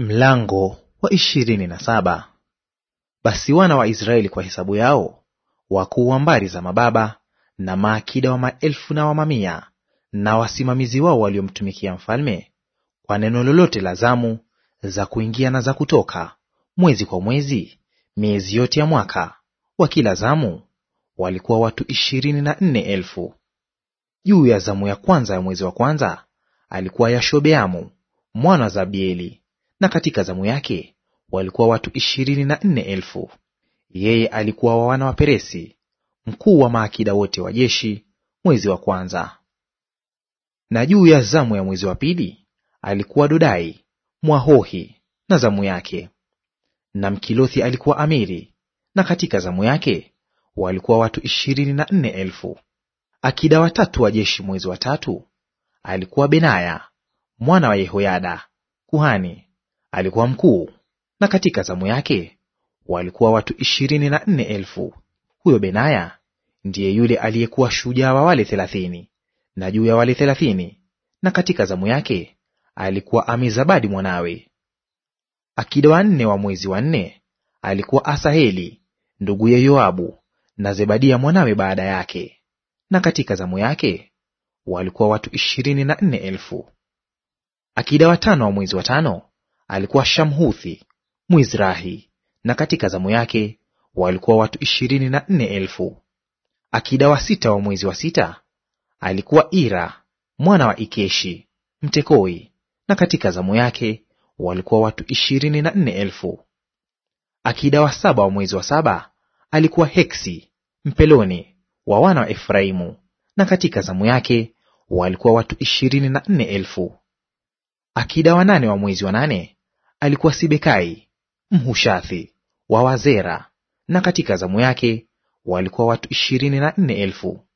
Mlango wa ishirini na saba. Basi wana wa Israeli kwa hesabu yao, wakuu wa mbari za mababa na maakida wa maelfu na wa mamia na wasimamizi wao waliomtumikia mfalme, kwa neno lolote la zamu za kuingia na za kutoka, mwezi kwa mwezi, miezi yote ya mwaka, wa kila zamu, walikuwa watu ishirini na nne elfu. Juu ya zamu ya kwanza ya mwezi wa kwanza alikuwa Yashobeamu mwana wa Zabieli na katika zamu yake walikuwa watu ishirini na nne elfu. Yeye alikuwa wa wana wa Peresi, mkuu wa maakida wote wa jeshi, mwezi wa kwanza. Na juu ya zamu ya mwezi wa pili alikuwa Dodai Mwahohi na zamu yake, na Mkilothi alikuwa amiri, na katika zamu yake walikuwa watu ishirini na nne elfu. Akida watatu wa jeshi mwezi wa tatu alikuwa Benaya mwana wa Yehoyada kuhani, alikuwa mkuu, na katika zamu yake walikuwa watu ishirini na nne elfu. Huyo Benaya ndiye yule aliyekuwa shujaa wa wale thelathini na juu ya wale thelathini, na katika zamu yake alikuwa Amizabadi mwanawe. Akida wa nne wa mwezi wa nne alikuwa Asaheli nduguye Yoabu, na Zebadia mwanawe baada yake, na katika zamu yake walikuwa watu ishirini na nne elfu. Akida wa tano wa mwezi wa tano alikuwa Shamhuthi Mwizrahi, na katika zamu yake walikuwa watu ishirini na nne elfu. Akida wa sita wa mwezi wa sita alikuwa Ira mwana wa Ikeshi Mtekoi, na katika zamu yake walikuwa watu ishirini na nne elfu. Akida wa saba wa mwezi wa saba alikuwa Heksi Mpeloni wa wana wa Efraimu, na katika zamu yake walikuwa watu ishirini na nne elfu. Akida wa nane wa mwezi wa nane alikuwa Sibekai Mhushathi wa Wazera, na katika zamu yake walikuwa watu ishirini na nne elfu.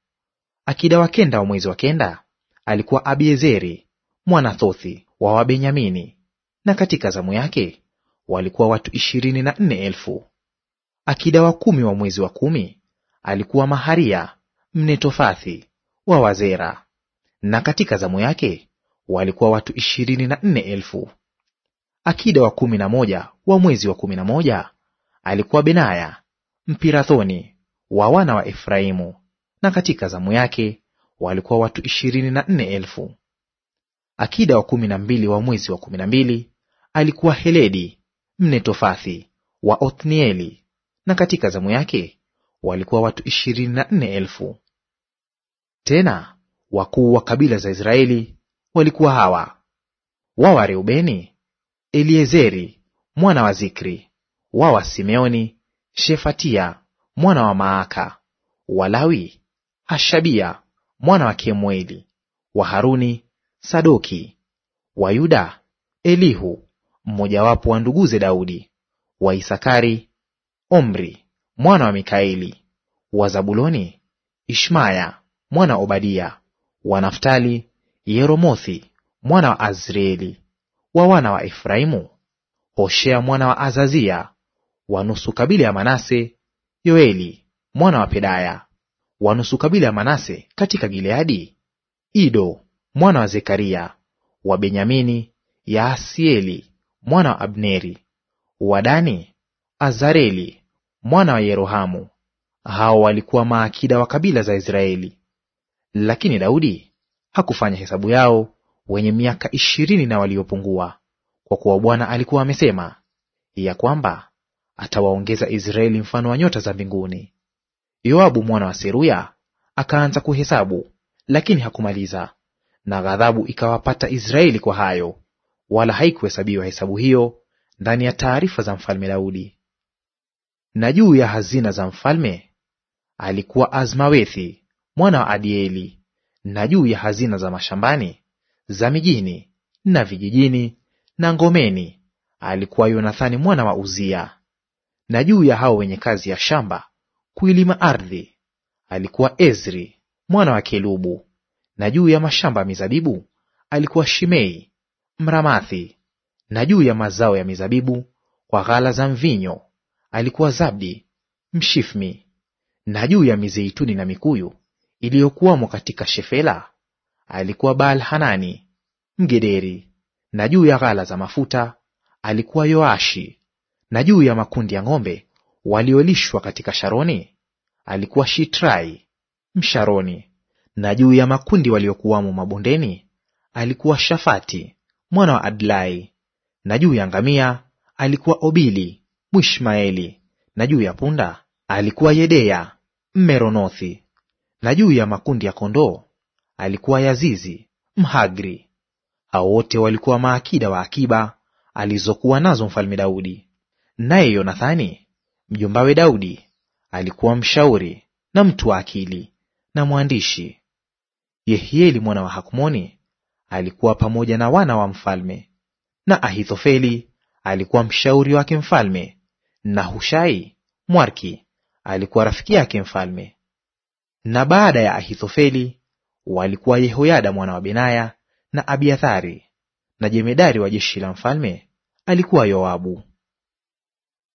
Akida wa kenda wa mwezi wa kenda alikuwa Abiezeri Mwanathothi wa Wabenyamini, na katika zamu yake walikuwa watu ishirini na nne elfu. Akida wa kumi wa mwezi wa kumi alikuwa Maharia Mnetofathi wa Wazera, na katika zamu yake walikuwa watu ishirini na nne elfu. Akida wa kumi na moja wa mwezi wa kumi na moja alikuwa Benaya Mpirathoni wa wana wa Efraimu, na katika zamu yake walikuwa watu ishirini na nne elfu. Akida wa kumi na mbili wa mwezi wa kumi na mbili alikuwa Heledi Mnetofathi wa Othnieli, na katika zamu yake walikuwa watu ishirini na nne elfu. Tena wakuu wa kabila za Israeli walikuwa hawa: wao Wareubeni Eliezeri mwana wa Zikri; wa wa Simeoni, Shefatia mwana wa Maaka; wa lawi Hashabia mwana wa Kemueli; wa Haruni, Sadoki; wa Yuda, Elihu mmojawapo wa nduguze Daudi; wa Isakari, Omri mwana wa Mikaeli; wa Zabuloni, Ishmaya mwana wa Obadia; wa Naftali, yeromothi mwana wa Azrieli wa wana wa Efraimu, Hoshea mwana wa Azazia; wa nusu kabila ya Manase, Yoeli mwana wa Pedaya; wa nusu kabila ya Manase katika Gileadi, Ido mwana wa Zekaria; wa Benyamini, Yaasieli mwana wa Abneri; wa Dani, Azareli mwana wa Yerohamu. Hao walikuwa maakida wa kabila za Israeli. Lakini Daudi hakufanya hesabu yao wenye miaka ishirini na waliopungua, kwa kuwa Bwana alikuwa amesema ya kwamba atawaongeza Israeli mfano wa nyota za mbinguni. Yoabu mwana wa Seruya akaanza kuhesabu, lakini hakumaliza, na ghadhabu ikawapata Israeli kwa hayo, wala haikuhesabiwa hesabu hiyo ndani ya taarifa za mfalme Daudi. Na juu ya hazina za mfalme alikuwa Azmawethi mwana wa Adieli, na juu ya hazina za mashambani za mijini na vijijini na ngomeni alikuwa Yonathani mwana wa Uzia. Na juu ya hao wenye kazi ya shamba kuilima ardhi alikuwa Ezri mwana wa Kelubu. Na juu ya mashamba ya mizabibu alikuwa Shimei Mramathi. Na juu ya mazao ya mizabibu kwa ghala za mvinyo alikuwa Zabdi Mshifmi. Na juu ya mizeituni na mikuyu iliyokuwamo katika Shefela alikuwa Baal Hanani Mgederi, na juu ya ghala za mafuta alikuwa Yoashi, na juu ya makundi ya ng'ombe waliolishwa katika Sharoni alikuwa Shitrai Msharoni, na juu ya makundi waliokuwamo mabondeni alikuwa Shafati mwana wa Adlai, na juu ya ngamia alikuwa Obili Mwishmaeli, na juu ya punda alikuwa Yedeya Mmeronothi, na juu ya makundi ya kondoo alikuwa Yazizi Mhagri. Hao wote walikuwa maakida wa akiba alizokuwa nazo mfalme Daudi. Naye Yonathani mjombawe Daudi alikuwa mshauri na mtu wa akili na mwandishi. Yehieli mwana wa Hakmoni alikuwa pamoja na wana wa mfalme, na Ahithofeli alikuwa mshauri wake mfalme, na Hushai Mwarki alikuwa rafiki yake mfalme. Na baada ya Ahithofeli walikuwa Yehoyada mwana wa Benaya na Abiathari, na jemedari wa jeshi la mfalme alikuwa Yoabu.